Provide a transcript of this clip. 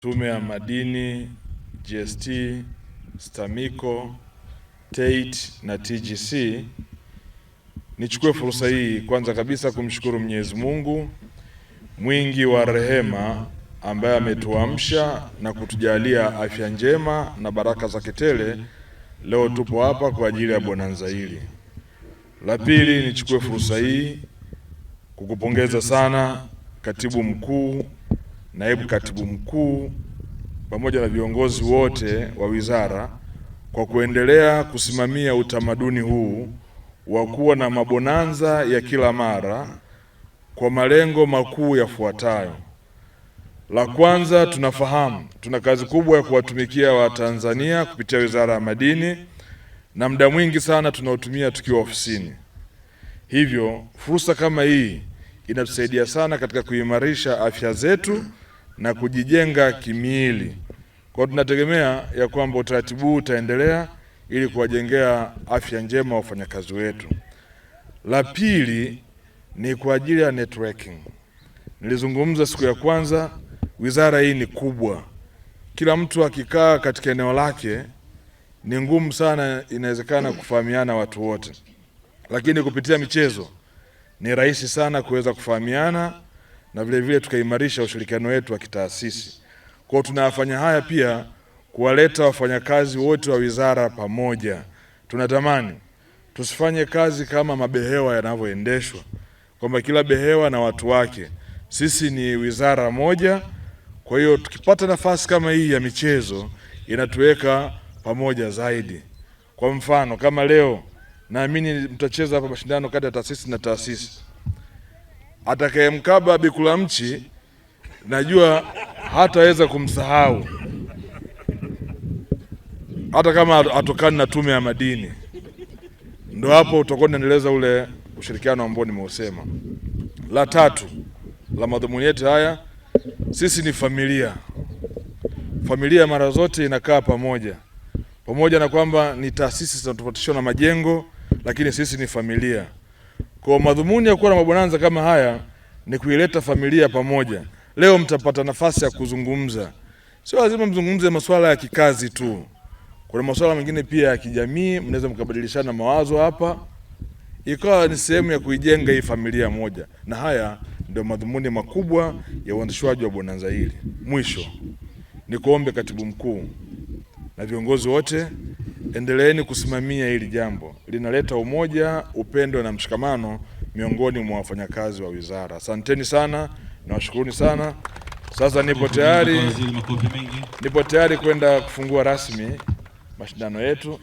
Tume ya Madini, GST, STAMICO, TATE na TGC. Nichukue fursa hii kwanza kabisa kumshukuru Mwenyezi Mungu mwingi wa rehema ambaye ametuamsha na kutujalia afya njema na baraka za kitele Leo tupo hapa kwa ajili ya bonanza hili. La pili, nichukue fursa hii kukupongeza sana katibu mkuu naibu katibu mkuu pamoja na viongozi wote wa wizara kwa kuendelea kusimamia utamaduni huu wa kuwa na mabonanza ya kila mara kwa malengo makuu yafuatayo. La kwanza, tunafahamu tuna kazi kubwa ya kuwatumikia Watanzania kupitia Wizara ya Madini na muda mwingi sana tunaotumia tukiwa ofisini. Hivyo fursa kama hii inatusaidia sana katika kuimarisha afya zetu na kujijenga kimiili. Kwa tunategemea ya kwamba utaratibu huu utaendelea ili kuwajengea afya njema wafanyakazi wetu. La pili ni kwa ajili ya networking. Nilizungumza siku ya kwanza, wizara hii ni kubwa, kila mtu akikaa katika eneo lake ni ngumu sana, inawezekana kufahamiana watu wote, lakini kupitia michezo ni rahisi sana kuweza kufahamiana na vile tukaimarisha ushirikiano wetu wa kitaasisi. Kwa hiyo tunayafanya haya pia kuwaleta wafanyakazi wote wa wizara pamoja. Tunatamani tusifanye kazi kama mabehewa yanavyoendeshwa, kwamba kila behewa na watu wake. Sisi ni wizara moja. Kwa hiyo tukipata nafasi kama hii ya michezo inatuweka pamoja zaidi. Kwa mfano kama leo, naamini mtacheza hapa mashindano kati ya taasisi na taasisi atakayemkaba bikula mchi najua hataweza kumsahau hata kama atokani na tume ya madini. Ndo hapo utakuwa unaendeleza ule ushirikiano ambao nimeusema. La tatu la madhumuni yetu haya, sisi ni familia. Familia mara zote inakaa pamoja, pamoja na kwamba ni taasisi zinatofautishwa na majengo, lakini sisi ni familia. Kwa madhumuni ya kuwa na mabonanza kama haya ni kuileta familia pamoja. Leo mtapata nafasi ya kuzungumza, sio lazima mzungumze masuala ya kikazi tu, kuna masuala mengine pia ya kijamii, mnaweza mkabadilishana mawazo hapa, ikawa ni sehemu ya kuijenga hii familia moja, na haya ndio madhumuni makubwa ya uanzishwaji wa bonanza hili. Mwisho nikuombe katibu mkuu na viongozi wote endeleeni kusimamia hili jambo, linaleta umoja, upendo na mshikamano miongoni mwa wafanyakazi wa wizara. Asanteni sana, nawashukuruni sana. Sasa nipo tayari, nipo tayari kwenda kufungua rasmi mashindano yetu.